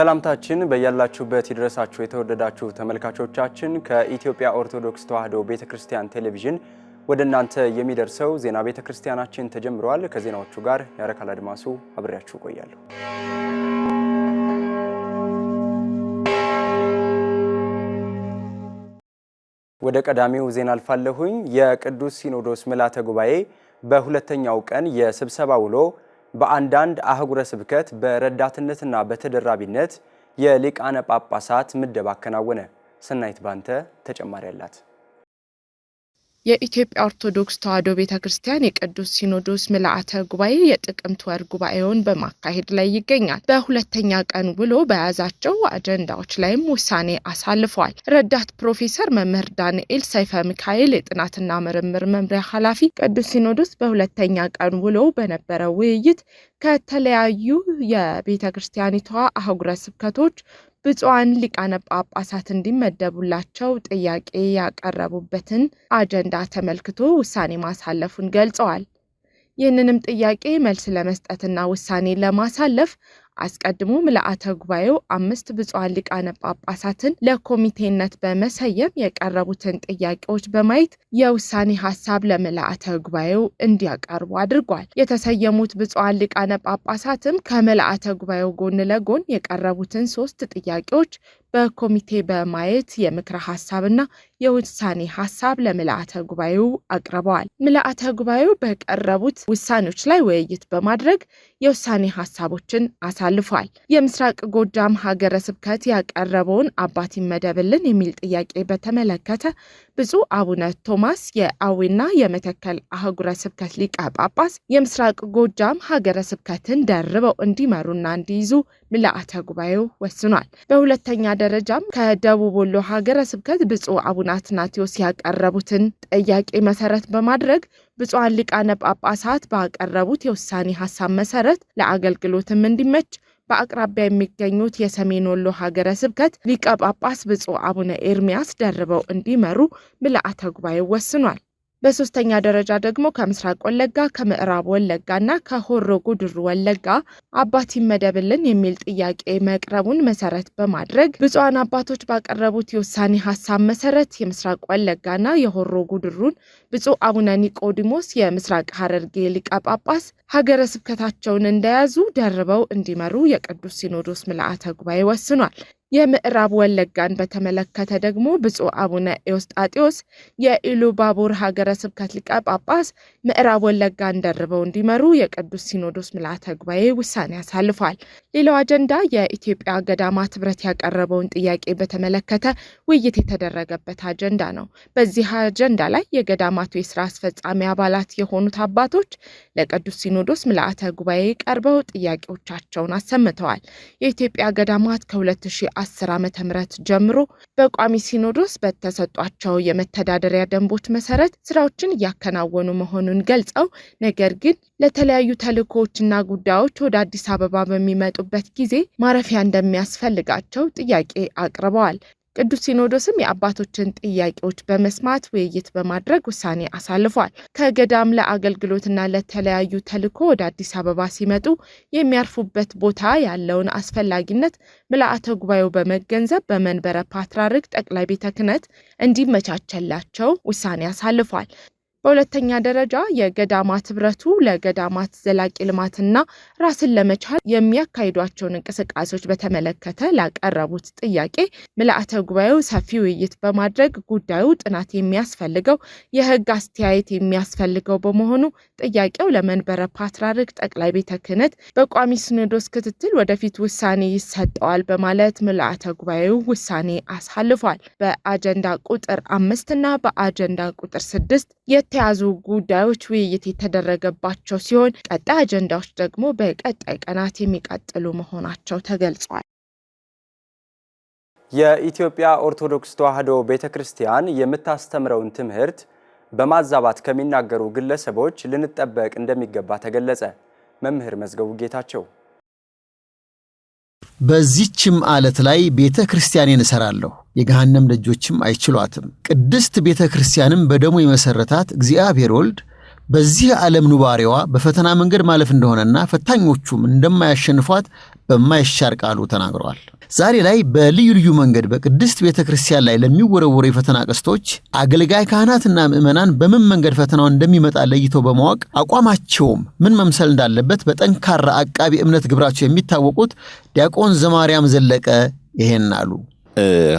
ሰላምታችን በያላችሁበት ይድረሳችሁ የተወደዳችሁ ተመልካቾቻችን። ከኢትዮጵያ ኦርቶዶክስ ተዋሕዶ ቤተ ክርስቲያን ቴሌቪዥን ወደ እናንተ የሚደርሰው ዜና ቤተ ክርስቲያናችን ተጀምረዋል። ከዜናዎቹ ጋር ያረካል አድማሱ አብሬያችሁ እቆያለሁ። ወደ ቀዳሚው ዜና አልፋለሁኝ። የቅዱስ ሲኖዶስ ምልዓተ ጉባኤ በሁለተኛው ቀን የስብሰባ ውሎ በአንዳንድ አህጉረ ስብከት በረዳትነትና በተደራቢነት የሊቃነ ጳጳሳት ምደባ አከናወነ። ሰናይት ባንተ ተጨማሪ አላት። የኢትዮጵያ ኦርቶዶክስ ተዋሕዶ ቤተ ክርስቲያን የቅዱስ ሲኖዶስ ምልአተ ጉባኤ የጥቅምት ወር ጉባኤውን በማካሄድ ላይ ይገኛል። በሁለተኛ ቀን ውሎ በያዛቸው አጀንዳዎች ላይም ውሳኔ አሳልፈዋል። ረዳት ፕሮፌሰር መምህር ዳንኤል ሰይፈ ሚካኤል የጥናትና ምርምር መምሪያ ኃላፊ ቅዱስ ሲኖዶስ በሁለተኛ ቀን ውሎ በነበረው ውይይት ከተለያዩ የቤተ ክርስቲያኒቷ አህጉረ ስብከቶች ብፁዓን ሊቃነ ጳጳሳት እንዲመደቡላቸው ጥያቄ ያቀረቡበትን አጀንዳ ተመልክቶ ውሳኔ ማሳለፉን ገልጸዋል። ይህንንም ጥያቄ መልስ ለመስጠትና ውሳኔ ለማሳለፍ አስቀድሞ ለአተ ጉባኤው አምስት ብፁዓን ሊቃነ ጳጳሳትን ለኮሚቴነት በመሰየም የቀረቡትን ጥያቄዎች በማየት የውሳኔ ሀሳብ ለምልአተ ጉባኤው እንዲያቀርቡ አድርጓል። የተሰየሙት ብፁዓን ሊቃነ ጳጳሳትም ከምልአተ ጉባኤው ጎን ለጎን የቀረቡትን ሶስት ጥያቄዎች በኮሚቴ በማየት የምክረ ሀሳብና የውሳኔ ሀሳብ ለምልአተ ጉባኤው አቅርበዋል። ምልአተ ጉባኤው በቀረቡት ውሳኔዎች ላይ ውይይት በማድረግ የውሳኔ ሀሳቦችን አሳልፏል። የምስራቅ ጎጃም ሀገረ ስብከት ያቀረበውን አባት መደብልን የሚል ጥያቄ በተመለከተ ብፁዕ አቡነ ቶማስ የአዊና የመተከል አህጉረ ስብከት ሊቀ ጳጳስ የምስራቅ ጎጃም ሀገረ ስብከትን ደርበው እንዲመሩና እንዲይዙ ምልአተ ጉባኤው ወስኗል። በሁለተኛ ደረጃም ከደቡብ ወሎ ሀገረ ስብከት ብፁዕ አቡነ አትናቴዎስ ያቀረቡትን ጥያቄ መሰረት በማድረግ ብፁዓን ሊቃነ ጳጳሳት ባቀረቡት የውሳኔ ሀሳብ መሰረት ለአገልግሎትም እንዲመች በአቅራቢያ የሚገኙት የሰሜን ወሎ ሀገረ ስብከት ሊቀ ጳጳስ ብፁዕ አቡነ ኤርሚያስ ደርበው እንዲመሩ ምልአተ ጉባኤው ወስኗል። በሶስተኛ ደረጃ ደግሞ ከምስራቅ ወለጋ ከምዕራብ ወለጋ እና ከሆሮ ጉድሩ ወለጋ አባት ይመደብልን የሚል ጥያቄ መቅረቡን መሰረት በማድረግ ብፁዓን አባቶች ባቀረቡት የውሳኔ ሀሳብ መሰረት የምስራቅ ወለጋና የሆሮ ጉድሩን ብፁዕ አቡነ ኒቆዲሞስ የምስራቅ ሐረርጌ ሊቀ ጳጳስ ሀገረ ስብከታቸውን እንደያዙ ደርበው እንዲመሩ የቅዱስ ሲኖዶስ ምልአተ ጉባኤ ወስኗል። የምዕራብ ወለጋን በተመለከተ ደግሞ ብፁዕ አቡነ ኤዎስጣቴዎስ የኢሉባቡር ሀገረ ስብከት ሊቀ ጳጳስ ምዕራብ ወለጋን ደርበው እንዲመሩ የቅዱስ ሲኖዶስ ምልአተ ጉባኤ ውሳኔ አሳልፏል። ሌላው አጀንዳ የኢትዮጵያ ገዳማት ኅብረት ያቀረበውን ጥያቄ በተመለከተ ውይይት የተደረገበት አጀንዳ ነው። በዚህ አጀንዳ ላይ የገዳማቱ የስራ አስፈጻሚ አባላት የሆኑት አባቶች ለቅዱስ ሲኖዶስ ምልአተ ጉባኤ ቀርበው ጥያቄዎቻቸውን አሰምተዋል። የኢትዮጵያ ገዳማት ከ ዓመተ ዓ.ም ጀምሮ በቋሚ ሲኖዶስ በተሰጧቸው የመተዳደሪያ ደንቦች መሰረት ስራዎችን እያከናወኑ መሆኑን ገልጸው ነገር ግን ለተለያዩ ተልእኮዎችና ጉዳዮች ወደ አዲስ አበባ በሚመጡበት ጊዜ ማረፊያ እንደሚያስፈልጋቸው ጥያቄ አቅርበዋል። ቅዱስ ሲኖዶስም የአባቶችን ጥያቄዎች በመስማት ውይይት በማድረግ ውሳኔ አሳልፏል። ከገዳም ለአገልግሎትና ለተለያዩ ተልዕኮ ወደ አዲስ አበባ ሲመጡ የሚያርፉበት ቦታ ያለውን አስፈላጊነት ምልአተ ጉባኤው በመገንዘብ በመንበረ ፓትርያርክ ጠቅላይ ቤተ ክህነት እንዲመቻቸላቸው ውሳኔ አሳልፏል። በሁለተኛ ደረጃ የገዳማት ህብረቱ ለገዳማት ዘላቂ ልማትና ራስን ለመቻል የሚያካሂዷቸውን እንቅስቃሴዎች በተመለከተ ላቀረቡት ጥያቄ ምልአተ ጉባኤው ሰፊ ውይይት በማድረግ ጉዳዩ ጥናት የሚያስፈልገው የህግ አስተያየት የሚያስፈልገው በመሆኑ ጥያቄው ለመንበረ ፓትርያርክ ጠቅላይ ቤተ ክህነት በቋሚ ሲኖዶስ ክትትል ወደፊት ውሳኔ ይሰጠዋል በማለት ምልአተ ጉባኤው ውሳኔ አሳልፏል። በአጀንዳ ቁጥር አምስት እና በአጀንዳ ቁጥር ስድስት የተያዙ ጉዳዮች ውይይት የተደረገባቸው ሲሆን ቀጣይ አጀንዳዎች ደግሞ በቀጣይ ቀናት የሚቀጥሉ መሆናቸው ተገልጿል። የኢትዮጵያ ኦርቶዶክስ ተዋሕዶ ቤተ ክርስቲያን የምታስተምረውን ትምህርት በማዛባት ከሚናገሩ ግለሰቦች ልንጠበቅ እንደሚገባ ተገለጸ። መምህር መዝገቡ ጌታቸው በዚችም አለት ላይ ቤተ ክርስቲያኔን እሠራለሁ፣ የገሃነም ደጆችም አይችሏትም። ቅድስት ቤተ ክርስቲያንም በደሙ የመሠረታት እግዚአብሔር ወልድ በዚህ ዓለም ኑባሬዋ በፈተና መንገድ ማለፍ እንደሆነና ፈታኞቹም እንደማያሸንፏት በማይሻር ቃሉ ተናግረዋል። ዛሬ ላይ በልዩ ልዩ መንገድ በቅድስት ቤተ ክርስቲያን ላይ ለሚወረወሩ የፈተና ቀስቶች አገልጋይ ካህናትና ምዕመናን በምን መንገድ ፈተናው እንደሚመጣ ለይተው በማወቅ አቋማቸውም ምን መምሰል እንዳለበት በጠንካራ አቃቢ እምነት ግብራቸው የሚታወቁት ዲያቆን ዘማርያም ዘለቀ ይሄን አሉ።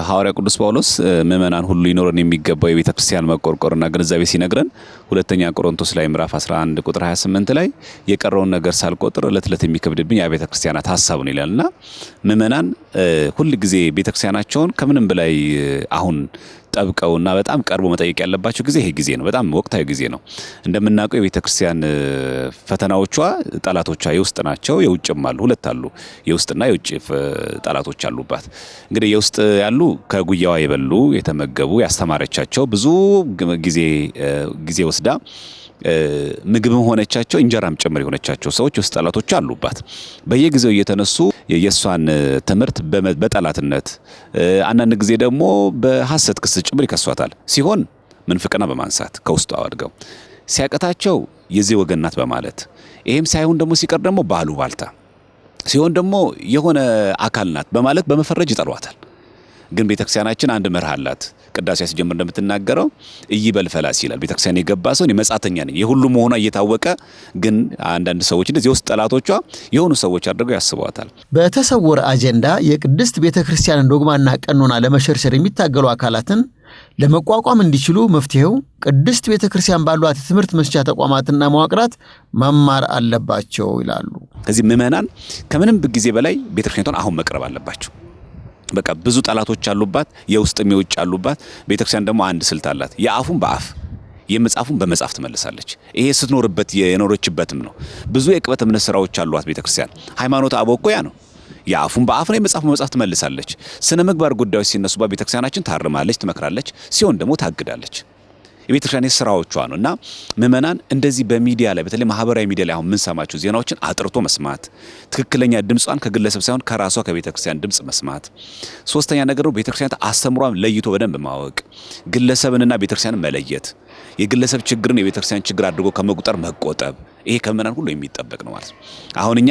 ሐዋርያ ቅዱስ ጳውሎስ ምእመናን ሁሉ ሊኖረን የሚገባው የቤተ ክርስቲያን መቆርቆርና ግንዛቤ ሲነግረን ሁለተኛ ቆሮንቶስ ላይ ምዕራፍ 11 ቁጥር 28 ላይ የቀረውን ነገር ሳልቆጥር እለት እለት የሚከብድብኝ የአብያተ ክርስቲያናት ሀሳብ ነው ይላልና ምእመናን ሁል ጊዜ ቤተ ክርስቲያናቸውን ከምንም በላይ አሁን ጠብቀው እና በጣም ቀርቦ መጠየቅ ያለባቸው ጊዜ ይሄ ጊዜ ነው። በጣም ወቅታዊ ጊዜ ነው። እንደምናውቀው የቤተ ክርስቲያን ፈተናዎቿ ጠላቶቿ የውስጥ ናቸው፣ የውጭም አሉ። ሁለት አሉ፣ የውስጥና የውጭ ጠላቶች አሉባት። እንግዲህ የውስጥ ያሉ ከጉያዋ የበሉ የተመገቡ ያስተማረቻቸው ብዙ ጊዜ ጊዜ ወስዳ ምግብም ሆነቻቸው እንጀራም ጭምር የሆነቻቸው ሰዎች የውስጥ ጠላቶች አሉባት። በየጊዜው እየተነሱ የእሷን ትምህርት በጠላትነት አንዳንድ ጊዜ ደግሞ በሐሰት ክስ ጭምር ይከሷታል። ሲሆን ምንፍቅና በማንሳት ከውስጡ አወድገው ሲያቀታቸው የዚህ ወገን ናት በማለት ይሄም ሳይሆን ደግሞ ሲቀር ደግሞ ባሉ ባልታ ሲሆን ደግሞ የሆነ አካል ናት በማለት በመፈረጅ ይጠሏታል። ግን ቤተክርስቲያናችን አንድ መርህ አላት። ቅዳሴ ሲጀምር እንደምትናገረው ኢይበል ፈላሲ ይላል። ቤተክርስቲያን የገባ ሰው መጻተኛ ነኝ። የሁሉ መሆኗ እየታወቀ ግን አንዳንድ ሰዎች እንደዚህ ውስጥ ጠላቶቿ የሆኑ ሰዎች አድርገው ያስቧታል። በተሰወረ አጀንዳ የቅድስት ቤተክርስቲያንን ዶግማና ቀኖና ለመሸርሸር የሚታገሉ አካላትን ለመቋቋም እንዲችሉ መፍትሄው ቅድስት ቤተ ክርስቲያን ባሏት የትምህርት መስጫ ተቋማትና መዋቅራት መማር አለባቸው ይላሉ። ከዚህ ምዕመናን ከምንም ጊዜ በላይ ቤተ አሁን መቅረብ አለባቸው። በቃ ብዙ ጠላቶች አሉባት፣ የውስጥም የውጭ አሉባት። ቤተክርስቲያን ደግሞ አንድ ስልት አላት። የአፉን በአፍ የመጽሐፉን በመጽሐፍ ትመልሳለች። ይሄ ስትኖርበት የኖረችበትም ነው። ብዙ የቅበት እምነት ስራዎች አሏት ቤተክርስቲያን። ሃይማኖት አበው እኮ ያ ነው። የአፉን በአፍ ነው፣ የመጽሐፉን በመጽሐፍ ትመልሳለች። ስነ ምግባር ጉዳዮች ሲነሱባት ቤተክርስቲያናችን ታርማለች፣ ትመክራለች፣ ሲሆን ደግሞ ታግዳለች። የቤተክርስቲያን ክርስቲያን ስራዎቿ ነው እና ምእመናን እንደዚህ በሚዲያ ላይ በተለይ ማህበራዊ ሚዲያ ላይ አሁን የምንሰማቸው ዜናዎችን አጥርቶ መስማት፣ ትክክለኛ ድምጿን ከግለሰብ ሳይሆን ከራሷ ከቤተክርስቲያን ድምፅ መስማት። ሶስተኛ ነገር ነው ቤተክርስቲያን አስተምሯን ለይቶ በደንብ ማወቅ፣ ግለሰብንና ቤተክርስቲያንን መለየት፣ የግለሰብ ችግርን የቤተክርስቲያን ችግር አድርጎ ከመቁጠር መቆጠብ ይሄ ከምእመናን ሁሉ የሚጠበቅ ነው ማለት ነው። አሁን እኛ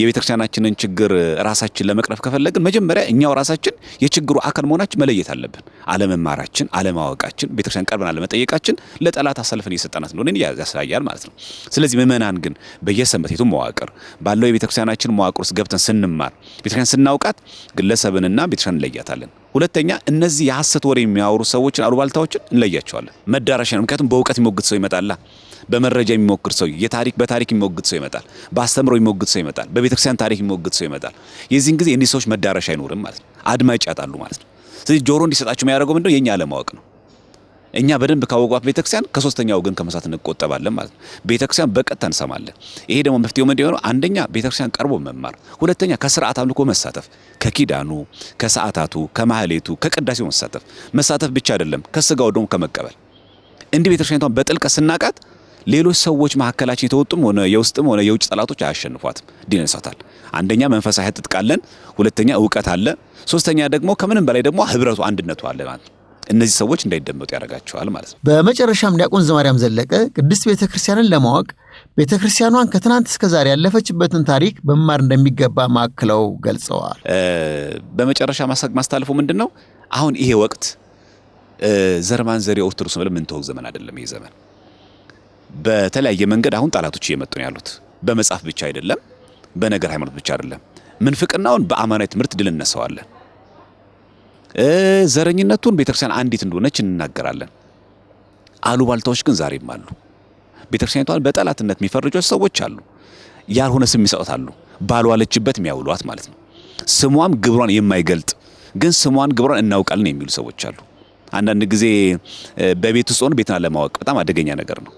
የቤተክርስቲያናችንን ችግር ራሳችን ለመቅረፍ ከፈለግን መጀመሪያ እኛው ራሳችን የችግሩ አካል መሆናችን መለየት አለብን። አለመማራችን፣ አለማወቃችን፣ ቤተክርስቲያን ቀርበን አለመጠየቃችን ለጠላት አሳልፈን እየሰጠናት እንደሆነ ያሳያል ማለት ነው። ስለዚህ ምእመናን ግን በየሰንበቱ መዋቅር ባለው የቤተክርስቲያናችን መዋቅር ውስጥ ገብተን ስንማር ቤተክርስቲያን ስናውቃት ግለሰብንና ቤተክርስቲያን እንለያታለን። ሁለተኛ እነዚህ የሐሰት ወሬ የሚያወሩ ሰዎችን አሉባልታዎችን እንለያቸዋለን። መዳረሻ ነው። ምክንያቱም በእውቀት የሚሞግት ሰው ይመጣላ በመረጃ የሚሞግት ሰው የታሪክ በታሪክ የሚሞግት ሰው ይመጣል። በአስተምሮ የሚሞግት ሰው ይመጣል። በቤተክርስቲያን ታሪክ የሚሞግት ሰው ይመጣል። የዚህን ጊዜ የእኒህ ሰዎች መዳረሻ አይኖርም ማለት ነው። አድማ ይጫጣሉ ማለት ነው። ስለዚህ ጆሮ እንዲሰጣቸው የሚያደርገው ምንድነው? የእኛ አለማወቅ ነው። እኛ በደንብ ካወቋት ቤተክርስቲያን ከሶስተኛ ወገን ከመሳት እንቆጠባለን ማለት ነው። ቤተክርስቲያን በቀጥታ እንሰማለን። ይሄ ደግሞ መፍትሄው ምንድን የሆነው? አንደኛ ቤተክርስቲያን ቀርቦ መማር፣ ሁለተኛ ከስርዓት አምልኮ መሳተፍ፣ ከኪዳኑ፣ ከሰዓታቱ፣ ከማህሌቱ፣ ከቅዳሴው መሳተፍ። መሳተፍ ብቻ አይደለም፣ ከስጋው ደግሞ ከመቀበል እንዲህ ቤተክርስቲያኒቷን በጥልቀት ስናቃት ሌሎች ሰዎች መካከላችን የተወጡም ሆነ የውስጥም ሆነ የውጭ ጠላቶች አያሸንፏትም፣ ድል ይነሳታል። አንደኛ መንፈሳዊ ትጥቅ ሁለተኛ እውቀት አለ፣ ሶስተኛ ደግሞ ከምንም በላይ ደግሞ ህብረቱ አንድነቱ አለ ማለት ነው። እነዚህ ሰዎች እንዳይደመጡ ያደርጋቸዋል ማለት ነው። በመጨረሻም ዲያቆን ዘማርያም ዘለቀ ቅድስት ቤተ ክርስቲያንን ለማወቅ ቤተ ክርስቲያኗን ከትናንት እስከ ዛሬ ያለፈችበትን ታሪክ መማር እንደሚገባ ማክለው ገልጸዋል። በመጨረሻ ማስታልፎ ምንድን ነው አሁን ይሄ ወቅት ዘር ማንዘር የኦርቶዶክስ ብለን የምንተወው ዘመን አይደለም። ይሄ ዘመን በተለያየ መንገድ አሁን ጠላቶች እየመጡ ነው ያሉት። በመጽሐፍ ብቻ አይደለም፣ በነገር ሃይማኖት ብቻ አይደለም። ምንፍቅናውን በአማናዊ ትምህርት ድል እነሳዋለን። ዘረኝነቱን ቤተክርስቲያን አንዲት እንደሆነች እንናገራለን። አሉባልታዎች ግን ዛሬም አሉ። ቤተክርስቲያኒቷን በጠላትነት የሚፈርጇት ሰዎች አሉ። ያልሆነ ስም የሚሰጡት አሉ። ባልዋለችበት የሚያውሏት ማለት ነው። ስሟም ግብሯን የማይገልጥ ግን ስሟን ግብሯን እናውቃለን የሚሉ ሰዎች አሉ። አንዳንድ ጊዜ በቤት ውስጥ ሆነ ቤትን አለማወቅ በጣም አደገኛ ነገር ነው።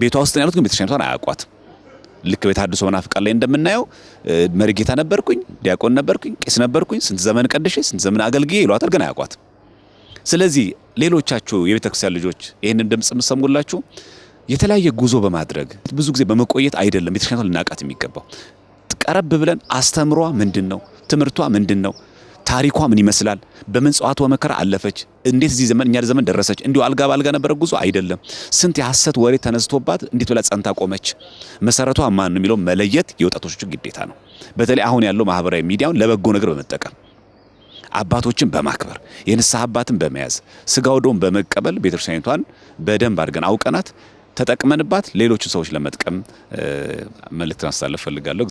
ቤቷ ውስጥ ያሉት፣ ግን ቤተክርስቲያኗን አያውቋት። ልክ አድሶ መናፍቃን ላይ እንደምናየው መርጌታ ነበርኩኝ፣ ዲያቆን ነበርኩኝ፣ ቄስ ነበርኩኝ፣ ስንት ዘመን ቀድሼ፣ ስንት ዘመን አገልግዬ ይሏታል፣ ግን አያውቋት። ስለዚህ ሌሎቻችሁ የቤተ ክርስቲያን ልጆች ይህንን ድምፅ የምሰሙላችሁ የተለያየ ጉዞ በማድረግ ብዙ ጊዜ በመቆየት አይደለም ቤተክርስቲያኗን ልናውቃት የሚገባው። ቀረብ ብለን አስተምሯ ምንድን ነው፣ ትምህርቷ ምንድን ነው ታሪኳ ምን ይመስላል? በመጽዋት ወመከራ አለፈች። እንዴት እዚህ ዘመን እኛ ዘመን ደረሰች? እንዲሁ አልጋ ባልጋ ነበረ ጉዞ አይደለም። ስንት የሐሰት ወሬ ተነስቶባት እንዴት ብላ ጸንታ ቆመች? መሰረቷ ማን ነው የሚለው መለየት የወጣቶቹ ግዴታ ነው። በተለይ አሁን ያለው ማህበራዊ ሚዲያውን ለበጎ ነገር በመጠቀም አባቶችን በማክበር የንስሐ አባትን በመያዝ ስጋ ወደሙን በመቀበል ቤተክርስቲያኒቷን በደንብ አድርገን አውቀናት ተጠቅመንባት ሌሎችን ሰዎች ለመጥቀም መልእክትን አስተላልፍ ፈልጋለሁ።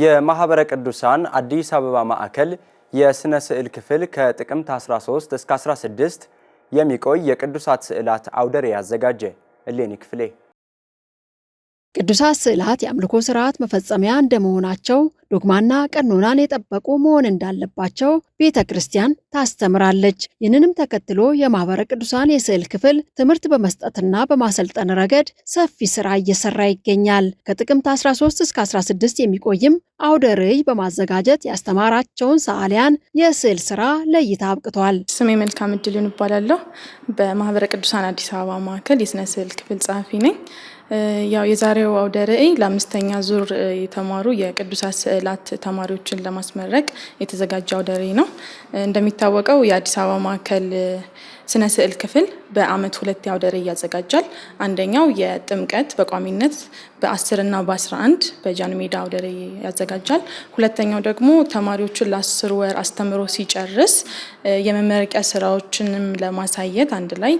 የማኅበረ ቅዱሳን አዲስ አበባ ማዕከል የሥነ ስዕል ክፍል ከጥቅምት 13 እስከ 16 የሚቆይ የቅዱሳት ስዕላት አውደር ያዘጋጀ እሌኒ ክፍሌ ቅዱሳት ስዕላት የአምልኮ ስርዓት መፈጸሚያ እንደመሆናቸው ዶግማና ቀኖናን የጠበቁ መሆን እንዳለባቸው ቤተ ክርስቲያን ታስተምራለች። ይህንንም ተከትሎ የማኅበረ ቅዱሳን የስዕል ክፍል ትምህርት በመስጠትና በማሰልጠን ረገድ ሰፊ ስራ እየሰራ ይገኛል። ከጥቅምት 13 እስከ 16 የሚቆይም አውደ ርዕይ በማዘጋጀት ያስተማራቸውን ሰዓሊያን የስዕል ስራ ለእይታ አብቅቷል። ስሜ መልካም እድልን እባላለሁ። በማኅበረ ቅዱሳን አዲስ አበባ ማዕከል የስነ ስዕል ክፍል ጸሐፊ ነኝ። ያው የዛሬው አውደ ርዕይ ለአምስተኛ ዙር የተማሩ የቅዱሳት ስዕላት ተማሪዎችን ለማስመረቅ የተዘጋጀ አውደ ርዕይ ነው። እንደሚታወቀው የአዲስ አበባ ማዕከል ስነ ስዕል ክፍል በአመት ሁለት አውደ ርዕይ ያዘጋጃል። አንደኛው የጥምቀት በቋሚነት በ10 ና በ11 በጃን ሜዳ አውደ ርዕይ ያዘጋጃል። ሁለተኛው ደግሞ ተማሪዎችን ለአስር ወር አስተምሮ ሲጨርስ የመመረቂያ ስራዎችንም ለማሳየት አንድ ላይ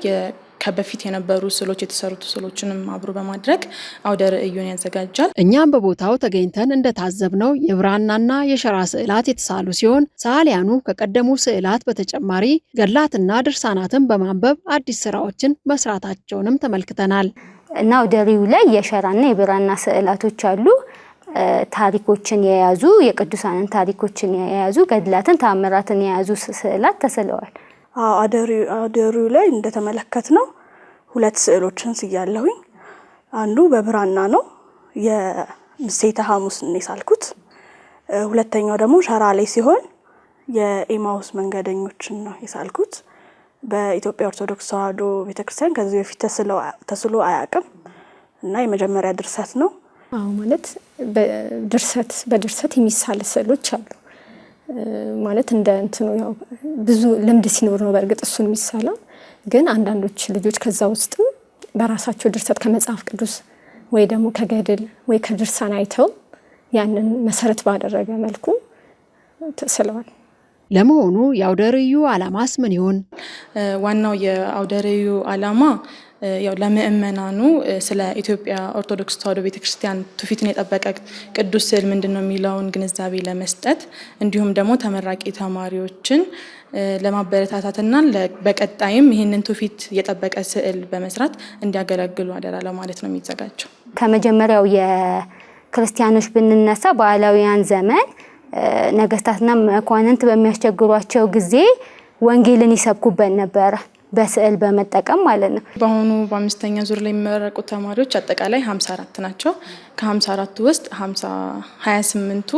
ከበፊት የነበሩ ስዕሎች የተሰሩት ስዕሎችንም አብሮ በማድረግ አውደ ርዕዩን ያዘጋጃል። እኛም በቦታው ተገኝተን እንደታዘብነው የብራናና የሸራ ስዕላት የተሳሉ ሲሆን ሰዓሊያኑ ከቀደሙ ስዕላት በተጨማሪ ገድላትና ድርሳናትን በማንበብ አዲስ ስራዎችን መስራታቸውንም ተመልክተናል እና አውደ ርዕዩ ላይ የሸራና የብራና ስዕላቶች አሉ። ታሪኮችን የያዙ የቅዱሳንን ታሪኮችን የያዙ ገድላትን ተአምራትን የያዙ ስዕላት ተስለዋል። አደሪው ላይ እንደተመለከት ነው ሁለት ስዕሎችን ስያለሁኝ። አንዱ በብራና ነው የምሴተ ሐሙስ ነው የሳልኩት። ሁለተኛው ደግሞ ሸራ ላይ ሲሆን የኤማውስ መንገደኞችን ነው የሳልኩት። በኢትዮጵያ ኦርቶዶክስ ተዋህዶ ቤተክርስቲያን ከዚህ በፊት ተስሎ አያውቅም እና የመጀመሪያ ድርሰት ነው። አዎ ማለት በድርሰት የሚሳል ስዕሎች አሉ ማለት እንደ እንትኑ ያው ብዙ ልምድ ሲኖር ነው በእርግጥ እሱን የሚሳለው። ግን አንዳንዶች ልጆች ከዛ ውስጥም በራሳቸው ድርሰት ከመጽሐፍ ቅዱስ ወይ ደግሞ ከገድል ወይ ከድርሳን አይተው ያንን መሰረት ባደረገ መልኩ ተስለዋል። ለመሆኑ የአውደ ርዕዩ ዓላማስ ምን ይሆን? ዋናው የአውደ ርዕዩ ዓላማ ያው ለምእመናኑ ስለ ኢትዮጵያ ኦርቶዶክስ ተዋሕዶ ቤተክርስቲያን ትውፊትን የጠበቀ ቅዱስ ስዕል ምንድን ነው የሚለውን ግንዛቤ ለመስጠት እንዲሁም ደግሞ ተመራቂ ተማሪዎችን ለማበረታታትና በቀጣይም ይህንን ትውፊት የጠበቀ ስዕል በመስራት እንዲያገለግሉ አደራ ለማለት ነው የሚዘጋጀው። ከመጀመሪያው የክርስቲያኖች ብንነሳ ባህላዊያን ዘመን ነገስታትና መኳንንት በሚያስቸግሯቸው ጊዜ ወንጌልን ይሰብኩበት ነበረ፣ በስዕል በመጠቀም ማለት ነው። በአሁኑ በአምስተኛ ዙር ላይ የሚመረቁ ተማሪዎች አጠቃላይ 54 ናቸው። ከ54ቱ ውስጥ 28ቱ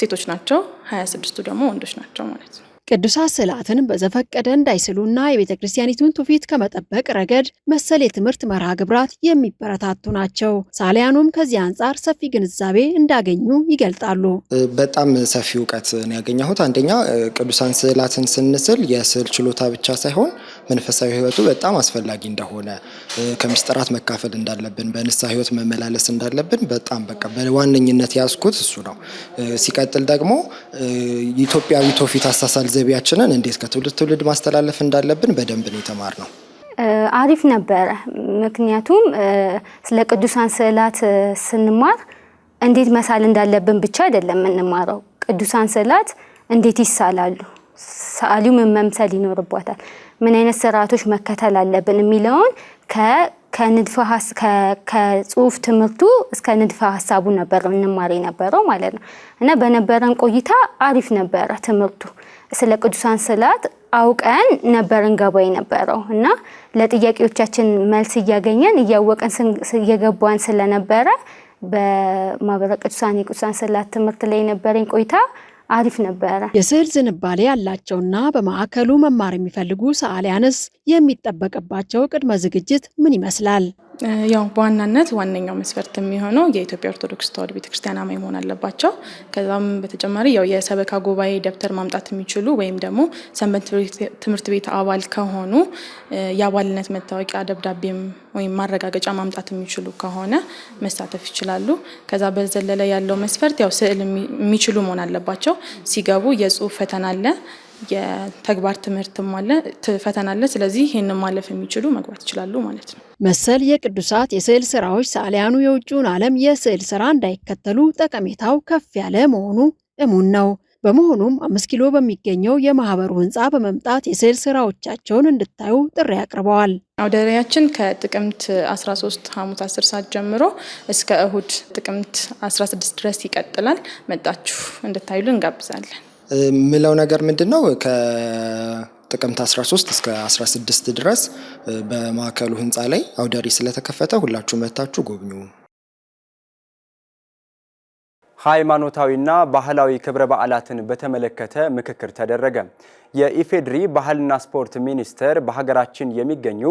ሴቶች ናቸው፣ 26ቱ ደግሞ ወንዶች ናቸው ማለት ነው። ቅዱሳት ስዕላትን በዘፈቀደ እንዳይስሉና የቤተ ክርስቲያኒቱን ትውፊት ከመጠበቅ ረገድ መሰል የትምህርት መርሃ ግብራት የሚበረታቱ ናቸው። ሳሊያኑም ከዚህ አንጻር ሰፊ ግንዛቤ እንዳገኙ ይገልጣሉ። በጣም ሰፊ እውቀት ነው ያገኘሁት። አንደኛ ቅዱሳን ስዕላትን ስንስል የስዕል ችሎታ ብቻ ሳይሆን መንፈሳዊ ህይወቱ በጣም አስፈላጊ እንደሆነ ከሚስጥራት መካፈል እንዳለብን በንሳ ህይወት መመላለስ እንዳለብን በጣም በቃ በዋነኝነት ያስኩት እሱ ነው። ሲቀጥል ደግሞ ኢትዮጵያዊ ትውፊት አሳሳል ዘቢያችንን እንዴት ከትውልድ ትውልድ ማስተላለፍ እንዳለብን በደንብ ነው የተማርነው። አሪፍ ነበረ። ምክንያቱም ስለ ቅዱሳን ስዕላት ስንማር እንዴት መሳል እንዳለብን ብቻ አይደለም የምንማረው፣ ቅዱሳን ስዕላት እንዴት ይሳላሉ ሰዓሊው ምን መምሰል ይኖርባታል፣ ምን አይነት ስርዓቶች መከተል አለብን የሚለውን ከጽሁፍ ትምህርቱ እስከ ንድፈ ሀሳቡ ነበር እንማር የነበረው ማለት ነው። እና በነበረን ቆይታ አሪፍ ነበረ ትምህርቱ። ስለ ቅዱሳን ስዕላት አውቀን ነበርን ገባ የነበረው እና ለጥያቄዎቻችን መልስ እያገኘን እያወቀን እየገባን ስለነበረ በማህበረ ቅዱሳን የቅዱሳን ስዕላት ትምህርት ላይ የነበረኝ ቆይታ አሪፍ ነበረ። የስዕል ዝንባሌ ያላቸውና በማዕከሉ መማር የሚፈልጉ ሰዓሊያንስ የሚጠበቅባቸው ቅድመ ዝግጅት ምን ይመስላል? ያው በዋናነት ዋነኛው መስፈርት የሚሆነው የኢትዮጵያ ኦርቶዶክስ ተዋሕዶ ቤተክርስቲያን አማኝ መሆን አለባቸው። ከዛም በተጨማሪ ያው የሰበካ ጉባኤ ደብተር ማምጣት የሚችሉ ወይም ደግሞ ሰንበት ትምህርት ቤት አባል ከሆኑ የአባልነት መታወቂያ ደብዳቤም ወይም ማረጋገጫ ማምጣት የሚችሉ ከሆነ መሳተፍ ይችላሉ። ከዛ በዘለለ ያለው መስፈርት ያው ስዕል የሚችሉ መሆን አለባቸው። ሲገቡ የጽሁፍ ፈተና አለ የተግባር ትምህርትም አለ ፈተና አለ። ስለዚህ ይህንን ማለፍ የሚችሉ መግባት ይችላሉ ማለት ነው። መሰል የቅዱሳት የስዕል ስራዎች ሰዓሊያኑ የውጭውን ዓለም የስዕል ስራ እንዳይከተሉ ጠቀሜታው ከፍ ያለ መሆኑ እሙን ነው። በመሆኑም አምስት ኪሎ በሚገኘው የማህበሩ ህንፃ በመምጣት የስዕል ስራዎቻቸውን እንድታዩ ጥሪ አቅርበዋል። አውደሪያችን ከጥቅምት 13 ሐሙስ 10 ሰዓት ጀምሮ እስከ እሁድ ጥቅምት 16 ድረስ ይቀጥላል። መጣችሁ እንድታዩልን እንጋብዛለን። ምለው ነገር ምንድን ነው ከጥቅምት 13 እስከ 16 ድረስ በማዕከሉ ህንፃ ላይ አውደሪ ስለተከፈተ ሁላችሁ መታችሁ ጎብኙ። ሃይማኖታዊና ባህላዊ ክብረ በዓላትን በተመለከተ ምክክር ተደረገ። የኢፌድሪ ባህልና ስፖርት ሚኒስቴር በሀገራችን የሚገኙ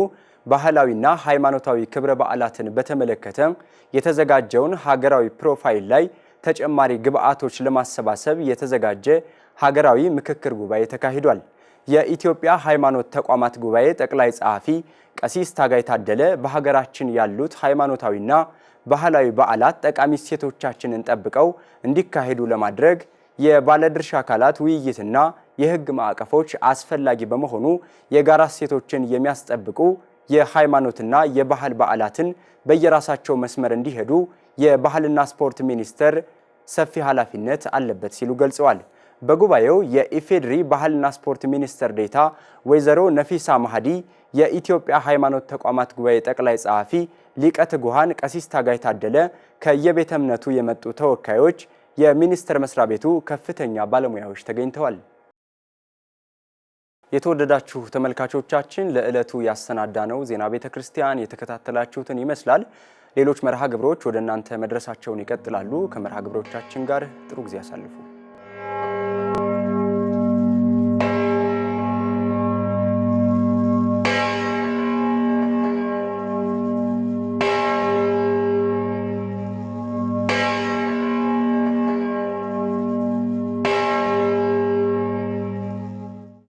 ባህላዊና ሃይማኖታዊ ክብረ በዓላትን በተመለከተ የተዘጋጀውን ሀገራዊ ፕሮፋይል ላይ ተጨማሪ ግብዓቶች ለማሰባሰብ የተዘጋጀ ሀገራዊ ምክክር ጉባኤ ተካሂዷል። የኢትዮጵያ ሃይማኖት ተቋማት ጉባኤ ጠቅላይ ጸሐፊ ቀሲስ ታጋይ ታደለ በሀገራችን ያሉት ሃይማኖታዊና ባህላዊ በዓላት ጠቃሚ እሴቶቻችንን ጠብቀው እንዲካሄዱ ለማድረግ የባለድርሻ አካላት ውይይትና የሕግ ማዕቀፎች አስፈላጊ በመሆኑ የጋራ እሴቶችን የሚያስጠብቁ የሃይማኖትና የባህል በዓላትን በየራሳቸው መስመር እንዲሄዱ የባህልና ስፖርት ሚኒስቴር ሰፊ ኃላፊነት አለበት ሲሉ ገልጸዋል። በጉባኤው የኢፌዴሪ ባህልና ስፖርት ሚኒስትር ዴታ ወይዘሮ ነፊሳ ማህዲ፣ የኢትዮጵያ ሃይማኖት ተቋማት ጉባኤ ጠቅላይ ጸሐፊ ሊቀ ትጉሃን ቀሲስ ታጋይ ታደለ፣ ከየቤተ እምነቱ የመጡ ተወካዮች፣ የሚኒስቴር መስሪያ ቤቱ ከፍተኛ ባለሙያዎች ተገኝተዋል። የተወደዳችሁ ተመልካቾቻችን ለዕለቱ ነው ዜና ቤተ ክርስቲያን የተከታተላችሁትን ይመስላል። ሌሎች መርሃ ግብሮች ወደ እናንተ መድረሳቸውን ይቀጥላሉ። ከመርሃ ግብሮቻችን ጋር ጥሩ ጊዜ ያሳልፉ።